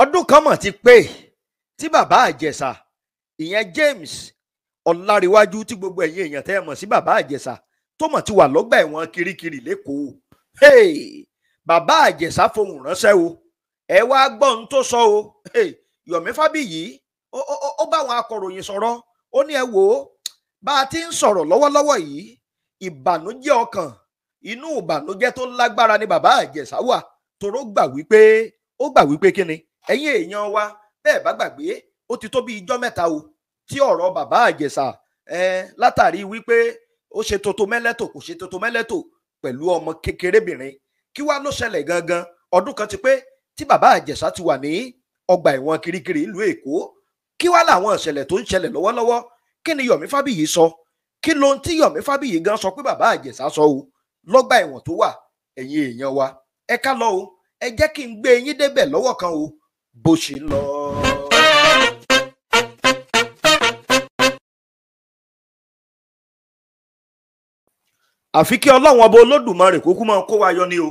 ọdún kan mọ̀ ti pé tí bàbá àjẹsà ìyẹn James ọ̀làríwájú tí gbogbo ẹ̀yin èèyàn tẹ́ ẹ mọ̀ sí bàbá àjẹsà tó mọ̀ ti wà lọ́gbà ẹ̀wọ̀n kirikiri lẹ́kọ̀ọ́ bàbá àjẹsà fohùn ránṣẹ́ o ẹ wá gbọ́ ohun tó sọ o Yọ̀mí Fábíyì ó bá àwọn akọ̀ròyìn sọ̀rọ̀ ó ní ẹ wò ó bá a ti ń sọ̀rọ̀ lọ́wọ́lọ́wọ́ yìí ìbànújẹ́ ọkàn inú ìbànújẹ́ tó lágbára ni bàbá àjẹsà wà toró gbà wípé ó gbà wípé kíni ẹ̀yin èèyàn wa bẹ́ẹ̀ bá gbàgbé ó ti tó bí ijọ́ mẹ́ta o tí ọ̀rọ̀ bàbá àjẹsà látàrí wípé ó ṣe toto mẹ́lẹ́tò kò ṣe toto mẹ́lẹ́tò pẹ̀lú ọmọ kékerébìnrin kí wá ló ṣẹlẹ̀ gangan ọdún kan ti pé tí bàbá àjẹsà ti wà ní ọgbà ẹ̀wọ̀n kirikiri ìlú èkó kí wá làwọn ìṣẹ̀lẹ̀ tó ń ṣẹlẹ̀ lọ́wọ́lọ́wọ́ kí ni Yọ̀mí Fábíyì sọ kí ló ń tí Yọ̀mí Fábíyì gan sọ pé bàbá àjẹsà sọ o lọ́gbà ẹ̀wọ̀n tó wà ẹ̀yin èèyàn wa ẹ ká lọ o ẹ jẹ́ kí n gbé yín débẹ̀ lọ́wọ́ kan o bó ṣe lọ. àfi kí ọlọ́run ọba olódùmarè kúkú máa kó wa yọ ni o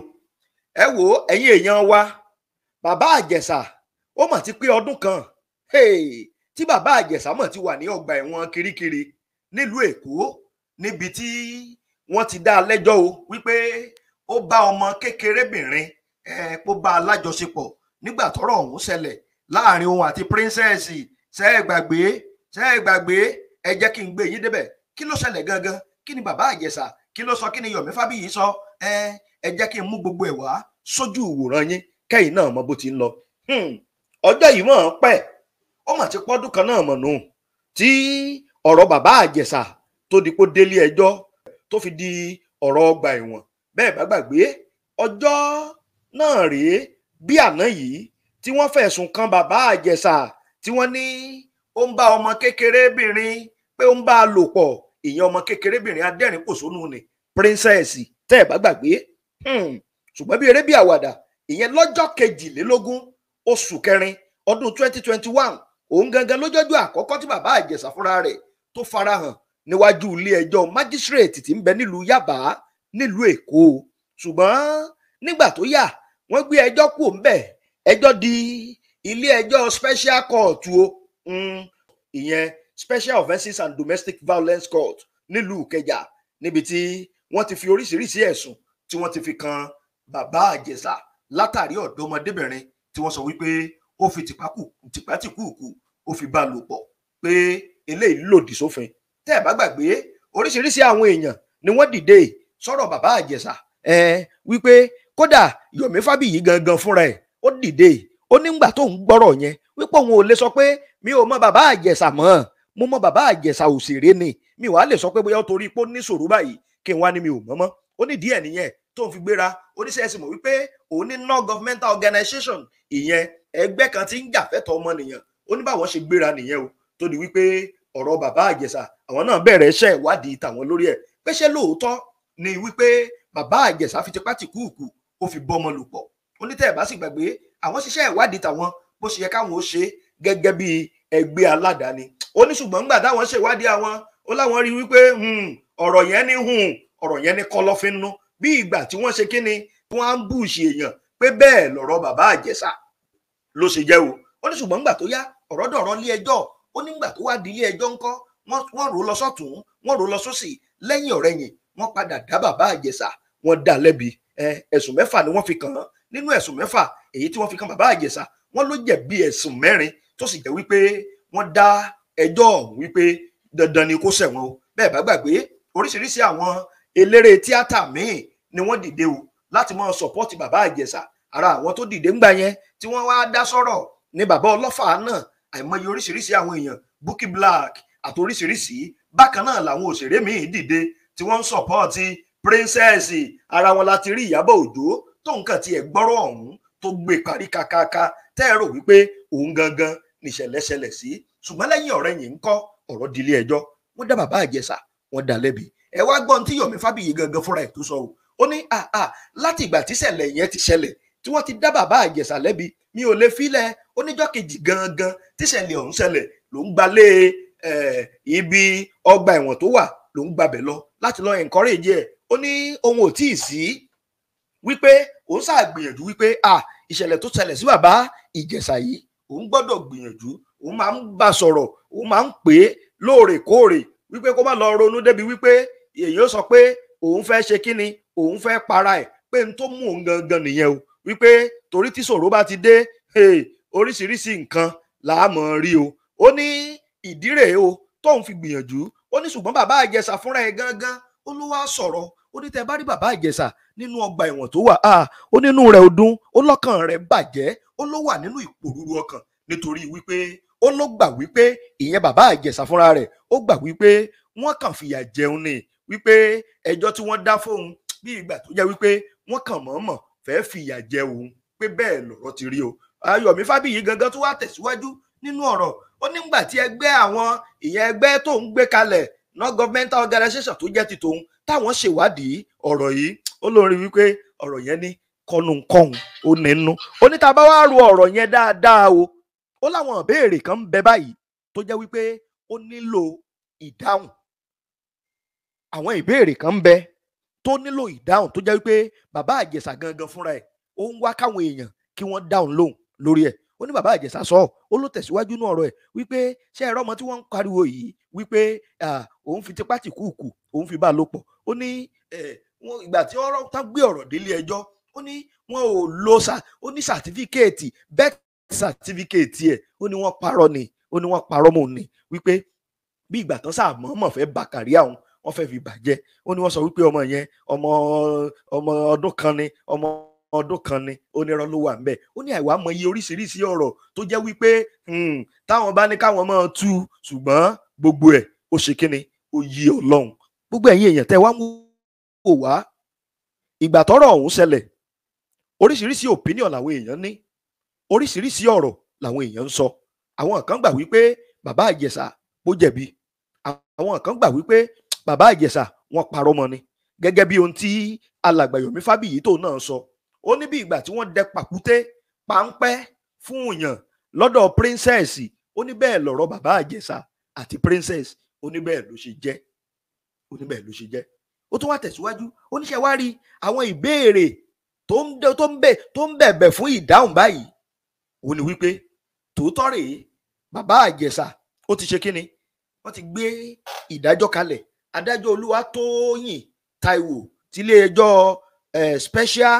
ẹ wò ó èèyàn wa bàbá àjẹsà ó mà ti pé ọdún kan tí bàbá àjẹsà mà ti wà ní ọgbà ẹ̀wọ̀n kirikiri nílùú èkó níbi tí wọ́n ti dá a lẹ́jọ́ o wípé ó bá ọmọ kékerébìnrin ẹ̀ kó bá a lájọṣepọ̀ nígbà tọ́rọ̀ ọ̀hún ṣẹlẹ̀ láàrin òun àti prínsẹ́ẹ̀sì ṣe é gbàgbé ṣe é gbàgbé ẹ jẹ́ kí n gbé yín débẹ̀ kí ló ṣẹlẹ̀ gangan kí ni bàbá àjẹsà kí ló sọ kí ni Yọ̀mí Fábíyì sọ ẹ ẹ jẹ́ kí n mú gbogbo ẹ̀ wá sójú ìwòran yín kẹ́yìn náà mọ bó ti ń lọ hmm. ọjọ́ yìí mọ̀ ọ́n ó mà ti pọ́dún kan náà mọ̀ nù tí ọ̀rọ̀ bàbá àjẹsà tó di kó délé ẹjọ́ tó fi di ọ̀rọ̀ ọgbà ẹ̀wọ̀n bẹ́ẹ̀ bá gbàgbé ọjọ́ náà rèé bí àná yìí tí wọ́n fẹ̀sùn kan bàbá àjẹsà tí wọ́n ní ó ń bá ọmọ kékerébìnrin pé ó ń bá a lò pọ̀ ìyẹn ọmọ kékerébìnrin adẹ́rìnpòṣónú ni princess tẹ́ ẹ̀ bá gbàgbé hmm. ṣùgbọ́n bí eré bí àwàdà ìyẹn lọ́jọ́ kejìlélógún oṣù kẹrin ọdún 2021 òun gangan lójọ́jọ́ àkọ́kọ́ tí bàbá àjẹsà fúnra rẹ̀ tó farahàn níwájú ilé ẹjọ́ májísírèètì tí ń bẹ nílùú yàbá nílùú èkó ṣùgbọ́n nígbà tó yà wọ́n gbé ẹjọ́ kù ńbẹ̀ ẹjọ́ di ilé ẹjọ́ special court o hmm. ìyẹn special offences and domestic violence court nílùú Ìkẹjà níbi tí wọ́n ti fi oríṣiríṣi ẹ̀sùn tí wọ́n ti fi kan bàbá Àjẹsà látàrí ọ̀dọ́mọdébìnrin tí wọ́n sọ wípé ó fi tìpátìkùkù ó fi bá a lò pọ̀ pé eléyìí lòdì sófin tẹ́ ẹ̀ bá gbàgbé oríṣiríṣi àwọn èèyàn ni wọ́n dìde sọ̀rọ̀ bàbá Àjẹsà wípé kódà Yomi Fábíyì gangan fúnra ẹ̀ ó dìde ó nígbà tó ń gbọ́rọ̀ yẹn wípé òun ò lè sọ pé mi ò mọ bàbá àjẹsà mọ́ mo mọ bàbá àjẹsà òṣèré ni mi wàá lè sọ pé bóyá ó torí pé ó ní sòrò báyìí kí n wá ní mi ò mọ́ mọ́ ó ní díẹ̀ nìyẹn tó ń fi gbéra oníṣẹ́sì mọ̀ wípé òun ní non governmental organization ìyẹn ẹgbẹ́ kan tí ń jàfẹ́tọ̀ ọmọnìyàn ó ní báwọn ṣe gbéra nìyẹn o tó di wípé ọ̀rọ̀ bàbá àjẹsà àwọn náà bẹ̀rẹ̀ iṣẹ́ ìwádìí tàwọn lórí ẹ̀ pé lóòótọ́ ni wípé bàbá àjẹsà fi tipátìkúùkù ó fi bọ́ ọmọ lò pọ̀ ó ní tẹ́ ẹ̀ bá sì gbàgbé àwọn ṣiṣẹ́ ìwádìí tàwọn bó ṣe yẹ káwọn ó ṣe gẹ́gẹ́ bí ẹgbẹ́ aládàáni ó ní ṣùgbọ́n nígbà táwọn ṣe ìwádìí àwọn ó láwọn rí wípé hmm, ọ̀rọ̀ yẹn ní ọ̀rọ̀ yẹn ní kọ̀lọ̀fín nú bí ìgbà tí wọ́n ṣe kíni wọ́n á ń búùṣì èèyàn pé bẹ́ẹ̀ lọ̀rọ̀ bàbá àjẹsà ló ṣe jẹ́ o ó ní ṣùgbọ́n nígbà tó yá ọ̀rọ̀ dọ̀rọ̀ lé ẹjọ́ ó nígbà tó wá ẹ̀sùn mẹ́fà ni wọ́n fi kàn án nínú ẹ̀sùn mẹ́fà èyí tí wọ́n fi kàn bàbá àjẹsà wọ́n ló jẹ̀bi ẹ̀sùn mẹ́rin tó sì jẹ́ wípé wọ́n dá ẹjọ́ ọ̀hún wípé dandan ni kó ṣẹ̀wọ̀n o bẹ́ẹ̀ bá gbàgbé oríṣiríṣi àwọn eléré tíátà míì ni wọ́n dìde o láti máa sọ̀pọ́ọ̀tì bàbá àjẹsà ara àwọn tó dìde ńgbà yẹn tí wọ́n wá dá sọ̀rọ̀ ni bàbá ọlọ́fà náà àìmọye oríṣiríṣi àwọn èèyàn Bukky Black àti oríṣiríṣi bákan náà làwọn òṣèré míì dìde tí wọ́n ń sọ̀pọ́ọ̀tì princess ara wọn láti rí ìyábọ̀ òjó tó nǹkan tiẹ̀ gbọ́rọ̀ ọ̀hún tó gbé parí kakaka tẹ́ ẹ rò wípé òun gangan nìṣẹ̀lẹ̀ ṣẹlẹ̀ sí ṣùgbọ́n lẹ́yìn ọ̀rẹ́ yìí ń kọ́ ọ̀rọ̀ dilé ẹjọ́ wọ́n dá bàbá àjẹsà wọ́n dá lẹ́bi ẹ wá gbọ́n tí Yọ̀mí Fábíyì gangan fúnra ẹ̀ tó sọ o ó ní àà láti ìgbà tíṣẹ̀lẹ̀ yẹn ti ṣẹlẹ̀ tí wọ́n ti dá bàbá àjẹsà lẹ́bi mi ò lè filẹ̀ oníjọ́ kejì gangan tíṣẹ̀lẹ̀ ọ̀hún ṣẹlẹ̀ ló ń gbalé ibi ọgbà ẹ̀wọ̀n tó wà ló ń gbabẹ̀ lọ láti lọ encourage ẹ̀ ó ní ohun ò tí ì sí wípé òun ṣàgbìyànjú wípé à ìṣẹ̀lẹ̀ tó ṣẹlẹ̀ sí bàbá ìjẹ̀ṣà yìí òun gbọ́dọ̀ gbìyànjú òun máa ń bá sọ̀rọ̀ òun máa ń pè é lóòrèkóòrè wípé kó má lọ ronú débi wípé èyí ó sọ pé òun fẹ́ ṣe kíni òun fẹ́ para ẹ̀ pé n tó mú òun gangan nìyẹn o wípé torí tí ṣòro bá ti dé oríṣiríṣi nǹkan là á mọ̀ rí o ó ní ìdí rèé o tóun fi gbìyànjú ó ní ṣùgbọ́n bàbá àjẹsà fúnra ẹ̀ gangan ó ló wá sọ̀rọ̀ ó ní tẹ́ bá rí bàbá Ìjẹ̀ṣà nínú ọgbà ẹ̀wọ̀n tó wà ó nínú rẹ̀ ó dùn ó lọ́kàn rẹ̀ bàjẹ́ ó ló wà nínú ìpòrúru ọkàn nítorí wípé ó ló gbà wípé ìyẹn bàbá Ìjẹ̀ṣà fúnra rẹ̀ ó gbà wípé wọ́n kàn fìyà jẹun ni wípé ẹjọ́ tí wọ́n dá fóun bí ìgbà tó jẹ́ wípé wọ́n kàn mọ̀ọ́mọ̀ fẹ́ẹ́ fìyà jẹ òun pé bẹ́ẹ̀ lọ̀rọ̀ ti rí o Ayọ̀mí Fábíyì gangan tó wá tẹ̀síwájú nínú ọ̀rọ̀ ó nígbà tí ẹgbẹ́ àwọn ìyẹn ẹgbẹ́ tó ń gbé kalẹ̀ non governmental organization tó jẹ́ ti tòun táwọn ṣèwádìí ọ̀rọ̀ yìí ó lórí wípé ọ̀rọ̀ yẹn ní kọ́nunkọ́hun ó nínú ó ní tá a bá wá ro ọ̀rọ̀ yẹn dáadáa o ó láwọn ìbéèrè kan ń bẹ báyìí tó jẹ́ wípé ó nílò ìdáhùn àwọn ìbéèrè kan ń bẹ tó nílò ìdáhùn tó jẹ́ wípé bàbá àjẹsà gangan fúnra ẹ̀ ó ń wá káwọn èèyàn kí wọ́n dáhùn lóhùn lórí ẹ̀ ó ní bàbá àjẹsà sọ ó ló tẹ̀síwájú ní ọ̀rọ̀ ẹ̀ wípé ṣé ẹ̀rọ ọmọ tí wọ́n ń pariwo yìí wípé òun fi tipá tì kúùkù òun fi bá a lò pọ̀ ó ní ìgbà tí ọ̀rọ̀ tá gbé ọ̀rọ̀ délé ẹjọ́ ó ní wọn ò lo ó ní sàtífíkẹ́ẹ̀tì bẹ́ẹ̀ sàtífíkẹ́ẹ̀tì ẹ̀ ó ní wọ́n parọ́ ni ó ní wọ́n parọ́ mọ́ ni wípé bí ìgbà tán sáà mọ̀ọ́mọ̀ fẹ́ bà kàrí àwọn wọ́n fẹ́ fi bàjẹ́ ó ní wọ́n sọ wípé ọmọ yẹn ọmọ ọmọ ọdún kan ni ọmọ ọdún kan ni onírọ́ ló wà ńbẹ̀ ó ní àìwá mọ iye oríṣiríṣi ọ̀rọ̀ tó jẹ́ wípé hmm, táwọn bá ní káwọn máa tú ṣùgbọ́n gbogbo ẹ̀ ó ṣe kíni ó yí ọlọ́run gbogbo ẹ̀yin èèyàn tẹ́ wá ń wò wá ìgbà tọ́rọ̀ ọ̀hún ṣẹlẹ̀ oríṣiríṣi opinion làwọn èèyàn ní oríṣiríṣi ọ̀rọ̀ làwọn èèyàn ń sọ àwọn kan gbà wípé bàbá Ìjẹ̀ṣà bó jẹ̀bi àwọn kan gbà wípé bàbá Ìjẹ̀ṣà wọ́n parọ́ mọ́ ni gẹ́gẹ́ bí ohun tí alàgbà Yomi Fábíyì tó náà sọ ó ní bí ìgbà tí wọ́n dẹ pàkúté páńpẹ́ fún èèyàn lọ́dọ̀ princess ó ní bẹ́ẹ̀ lọ̀rọ̀ bàbá àjẹsà àti princess ó ní bẹ́ẹ̀ ló ṣe jẹ́ ó ní bẹ́ẹ̀ ló ṣe jẹ́ ó tún wá tẹ̀síwájú oníṣẹ́ wá rí àwọn ìbéèrè tó ń tó ń bẹ̀ tó ń bẹ̀bẹ̀ fún ìdáhùn báyìí ó ní wípé tòótọ́ rèé bàbá àjẹsà ó ti ṣe kínni wọ́n ti gbé ìdájọ́ kalẹ̀ adájọ́ olúwa tóyìn taiwo tílé ẹjọ́ eh, special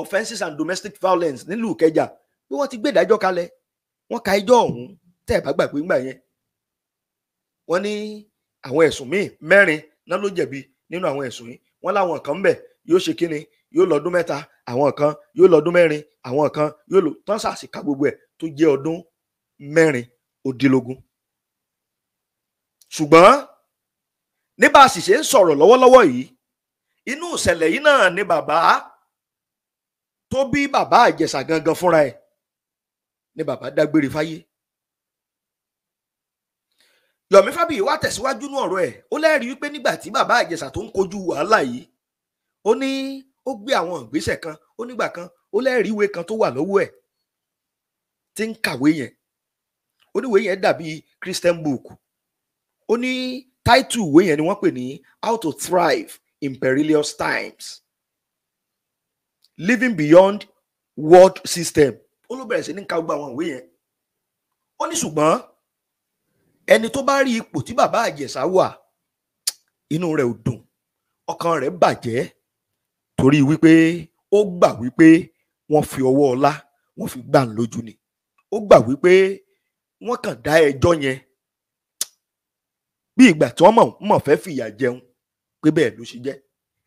offences and domestic violence nílùú Ìkẹjà pé wọ́n ti gbé ìdájọ́ kalẹ̀ wọ́n ka ẹjọ́ ọ̀hún tẹ́ ẹ̀ bá gbàgbé ńgbà yẹn wọ́n ní àwọn ẹ̀sùn míì mẹ́rin náà ló jẹ̀bi nínú àwọn ẹ̀sùn yìí wọ́n láwọn kan ń bẹ yóò ṣe kíni yóò lọ́dún mẹ́ta àwọn kan yóò lọ́dún mẹ́rin àwọn kan yóò lò tán sàṣìkà gbogbo ẹ̀ tó jẹ́ ọdún mẹ́rin òdìlógún. ṣùgbọ́n ní bá a sì ṣe ń sọ̀rọ̀ lọ́wọ́lọ́wọ́ yìí inú ìṣẹ̀lẹ̀ yìí náà ni bàbá tó bí bàbá àjẹsà gangan fúnra ẹ̀ ni bàbá dágbére fáyé Yọ̀mí Fábíyì wá tẹ̀síwájú ní ọ̀rọ̀ ẹ̀ ó lẹ́rìí wípé nígbà tí bàbá àjẹsà tó ń kojú wàhálà yìí ó ní ó gbé àwọn ìgbésẹ̀ kan ó nígbà kan ó lẹ́rìí ìwé kan tó wà lọ́wọ́ ẹ̀ tí ń kàwé yẹn ó ní ìwé yẹn dàbí Christian book ó ní táìtù ìwé yẹn ni wọ́n pè ní How to Thrive in Perilous Times living beyond world system ó ló bẹ̀rẹ̀ sí ní ka gbogbo àwọn ìwé yẹn ó ní ṣùgbọ́n ẹni tó bá rí ipò tí bàbá àjẹsà wà inú rẹ̀ ò dùn ọkàn rẹ̀ bàjẹ́ torí wípé ó gbà wípé wọ́n fi ọwọ́ ọlá wọ́n fi gbà ń lójú ni ó gbà wípé wọ́n kàn dá ẹjọ́ yẹn bí ìgbà tí wọ́n mọ̀ mọ̀ fẹ́ fìyà jẹun pé bẹ́ẹ̀ ló ṣe jẹ́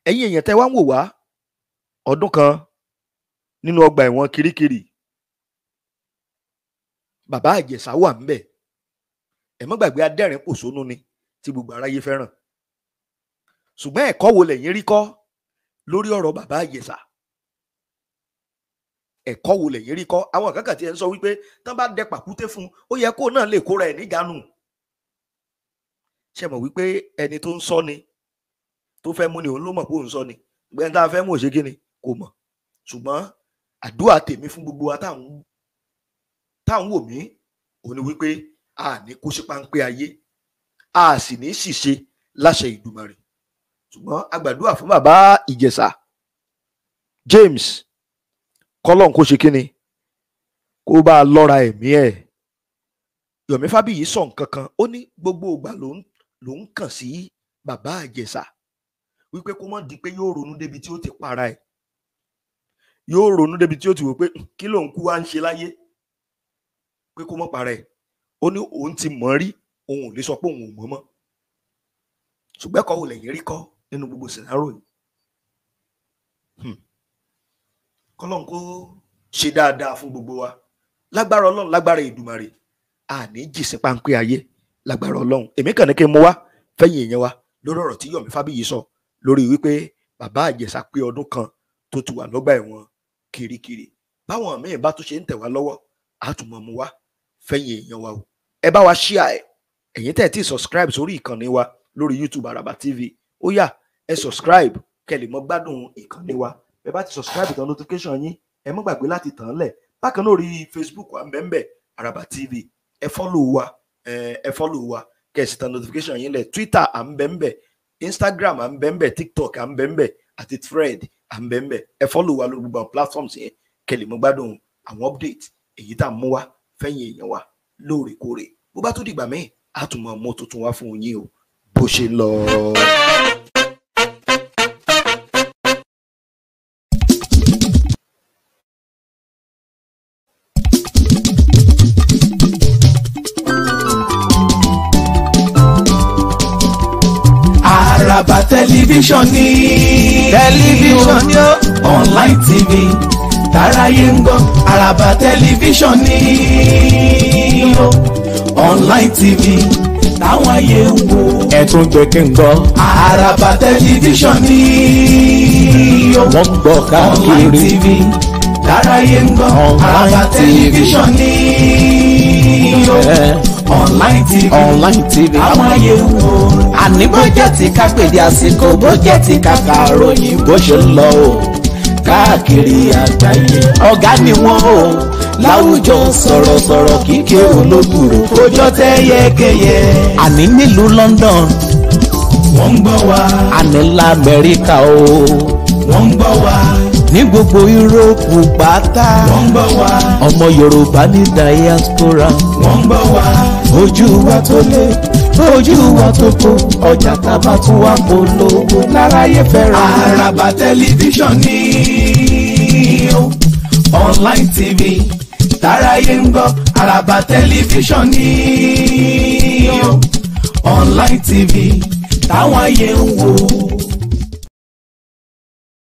ẹ̀yin èèyàn tẹ́ wá ń wò wá ọdún kan nínú ọgbà ẹ̀wọ̀n Kirikiri bàbá àjẹsà wà ńbẹ̀ ẹ má gbàgbé adẹ́rìn pòṣónú ni tí gbogbo aráyé fẹ́ràn ṣùgbọ́n ẹ̀kọ́ wo lẹ̀yin rí kọ́ lórí ọ̀rọ̀ bàbá àjẹsà ẹ̀kọ́ wo lẹ̀yin rí kọ́ àwọn kankan tí ẹ ń sọ wípé tán bá dẹ pàkúté fún ó yẹ kó náà lè kóra ẹ̀ níjànú ṣe mọ̀ wípé ẹni tó ń sọ ni tó fẹ́ mú ni òun ló mọ̀ pé òun sọ ni gbẹ́ńtà fẹ́ mú òṣèkí ni kò mọ̀ ṣùgbọ́n àdúrà tèmi fún gbogbo wa táwọn wò mí òun ni wípé a ní kó sí páńpẹ́ ayé a sì ní ṣìṣe láṣẹ Ìdùmarè ṣùgbọ́n a gbàdúrà fún bàbá Ìjẹ̀ṣà James kọ́lọ́n kó ṣe kínni kó bá a lọ́ra ẹ̀mí ẹ̀ Yọ̀mí Fábíyì sọ nǹkan kan ó ní gbogbo ìgbà ló ń kàn sí bàbá Ìjẹ̀ṣà wípé kó má di pé yóò ronú débi tí ó ti para ẹ̀ yóò ronú débi tí ó ti wò pé hmm, kí ló ń kú wá ń ṣe láyé pé kó mọ́ parẹ́ ó ní òun ti mọ̀ rí òun ò lè sọ pé òun ò mọ̀ mọ́ ṣùgbọ́n ẹ̀kọ́ wò lẹ́yìn rí kọ́ nínú gbogbo scenario yìí hmm. kọ́lọ́n kó ṣe dáadáa fún gbogbo wa lágbára ọlọ́run lágbára ìdùmarè àní jì sí páńpẹ́ ayé lágbára ọlọ́run èmi kàn ní kí n mú wá fẹ́yìn èèyàn wa lórí ọ̀rọ̀ tí Yọ̀mí Fábíyì sọ lórí wípé bàbá Ìjẹ̀ṣà pé ọdún kan tó ti wà lọ́gbà ẹ̀wọ̀n kirikiri báwọn míì bá tún ṣe ń tẹ̀ wá lọ́wọ́ á tún mọ̀ mu wá fẹ́yìn èèyàn wa o ẹ bá wa ṣíà ẹ ẹ̀yin tẹ̀ tí subscribe sórí ìkànnì wa lórí YouTube Araba TV ó yá ẹ subscribe kẹlẹ̀ mọ́ gbádùn ìkànnì wa ẹ bá ti subscribe tán notification yín ẹ mọ́ gbàgbé láti tàn án lẹ̀ bákan náà rí Facebook wa mbẹ́mbẹ́ Araba TV ẹ follow wa ẹ follow wa kẹ̀sì tan notification yín lẹ̀ Twitter à ń bẹ́mbẹ́ Instagram à ń bẹ́mbẹ́ TikTok à ń bẹ́mbẹ́ àti Thread àmbẹ̀mbẹ̀ ẹ fọ́lọ̀ wa lórí gbogbo àwọn platforms yẹn kẹlẹ̀ mọ́ gbádùn àwọn update èyí tá a mú wa fẹ́yìn èèyàn wa lóòrèkóòrè bó bá tó dìgbà mẹ́yìn á tún máa mú tuntun wá fún yín o bó ṣe lọ. Àràbà tẹlifíṣàn tẹlifíṣàn ni ó online tv tàráyé ń gbọ́ àràbà tẹlifíṣàn ni ó online tv táwọn ayé ń wo. ẹ tún gbé kí n gbọ́. àràbà tẹlifíṣàn ni ó wọ́n gbọ́ káàkiri online tv tàráyé ń gbọ́ àràbà tẹlifíṣàn ni ó online tv online ayé ń wo àní bó jẹ́ ti ká pèdé àsìkò bó jẹ́ ti ká kàròyìn bó ṣe ń lọ o káàkiri àgbáyé ọ̀gá ni wọ́n o láwùjọ sọ̀rọ̀sọ̀rọ̀ kíkẹ́ olóbùrò kójọ́ tẹ́ àní nílùú London wọ́n ń gbọ́ wa. àní lamẹ́ríkà o wọ́n ń gbọ́ wa ní gbogbo yúróòpù pátá. wọ́n gbọ́ wá. ọmọ yorùbá ní diaspora. wọ́n gbọ́ wá. ojú wa tó lé ojú wa tó kó ọjà tábà tún wá polówó láráyé fẹ́ràn. àràbà tẹlifíṣàn ni ó online tv táráyé ń gbọ́ àràbà tẹlifíṣàn ni ó online tv táwọn ayé ń wò.